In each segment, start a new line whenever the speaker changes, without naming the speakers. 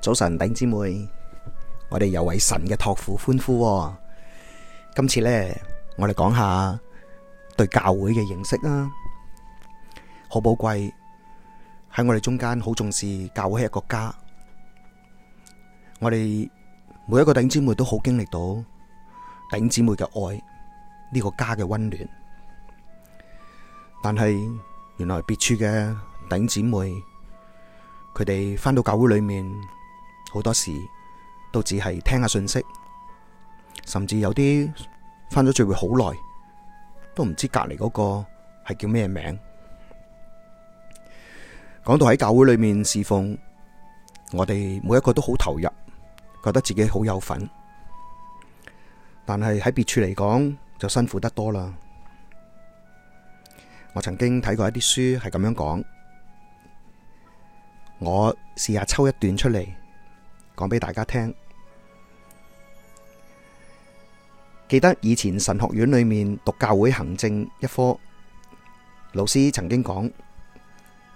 早晨，弟姊妹，我哋又為神嘅託付歡呼。今次呢，我哋講下對教會嘅認識啦，好寶貴。喺我哋中間，好重視教會係一個家。我哋每一個弟姊妹都好經歷到弟姊妹嘅愛，呢個家嘅溫暖。但係原來別處嘅弟姊妹，佢哋翻到教會裏面。好多時都只係聽下信息，甚至有啲返咗聚會好耐，都唔知隔籬嗰個係叫咩名。講到喺教會裏面侍奉，我哋每一個都好投入，覺得自己好有份。但係喺別處嚟講就辛苦得多啦。我曾經睇過一啲書係咁樣講，我試下抽一段出嚟。講俾大家聽，記得以前神學院裏面讀教會行政一科，老師曾經講，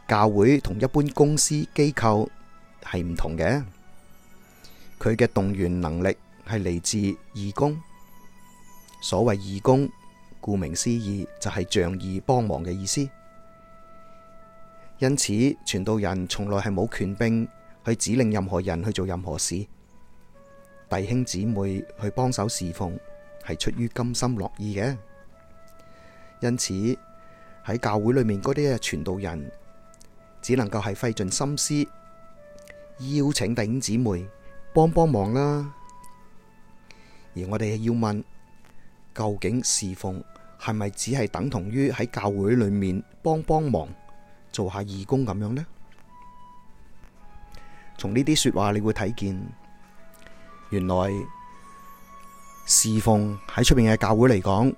教會同一般公司機構係唔同嘅，佢嘅動員能力係嚟自義工。所謂義工，顧名思義，就係仗義幫忙嘅意思，因此傳道人從來係冇權柄。去指令任何人去做任何事，弟兄姊妹去幫手事奉，係出於甘心樂意嘅。因此喺教會裏面嗰啲嘅傳道人，只能夠係費盡心思邀請弟兄姊妹幫幫忙啦。而我哋要問，究竟事奉係咪只係等同於喺教會裏面幫幫忙，做下義工咁樣呢？從呢啲說話，你會睇見，原來侍奉喺出邊嘅教會嚟講，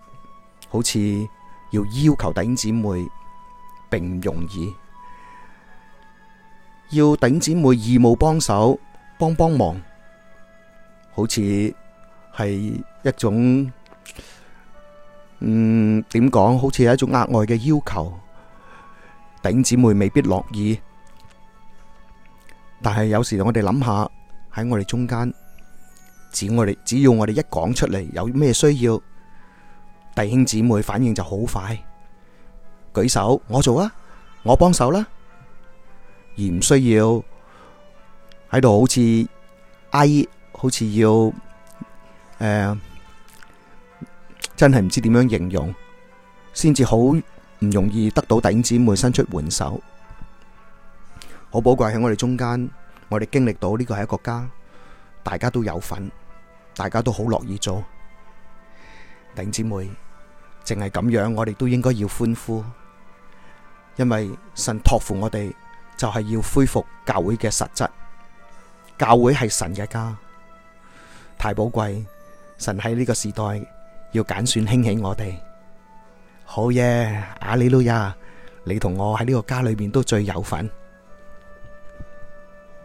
好似要要求弟兄姊妹，並唔容易。要弟兄姊妹義務幫手、幫幫忙，好似係一種，嗯，點講？好似係一種額外嘅要求，弟兄姊妹未必樂意。但係有時我哋諗下喺我哋中間，只要我哋只要我哋一講出嚟有咩需要，弟兄姊妹反應就好快，舉手，我做啊，我幫手啦、啊，而唔需要喺度好似阿姨，好似要誒、呃，真係唔知點樣形容，先至好唔容易得到弟兄姊妹伸出援手。好寶貴喺我哋中間，我哋經歷到呢個係一個家，大家都有份，大家都好樂意做。靈姊妹，淨係咁樣，我哋都應該要歡呼，因為神託付我哋就係要恢復教會嘅實質。教會係神嘅家，太寶貴。神喺呢個時代要揀選興起我哋。好耶，阿利路亞，你同我喺呢個家裏面都最有份。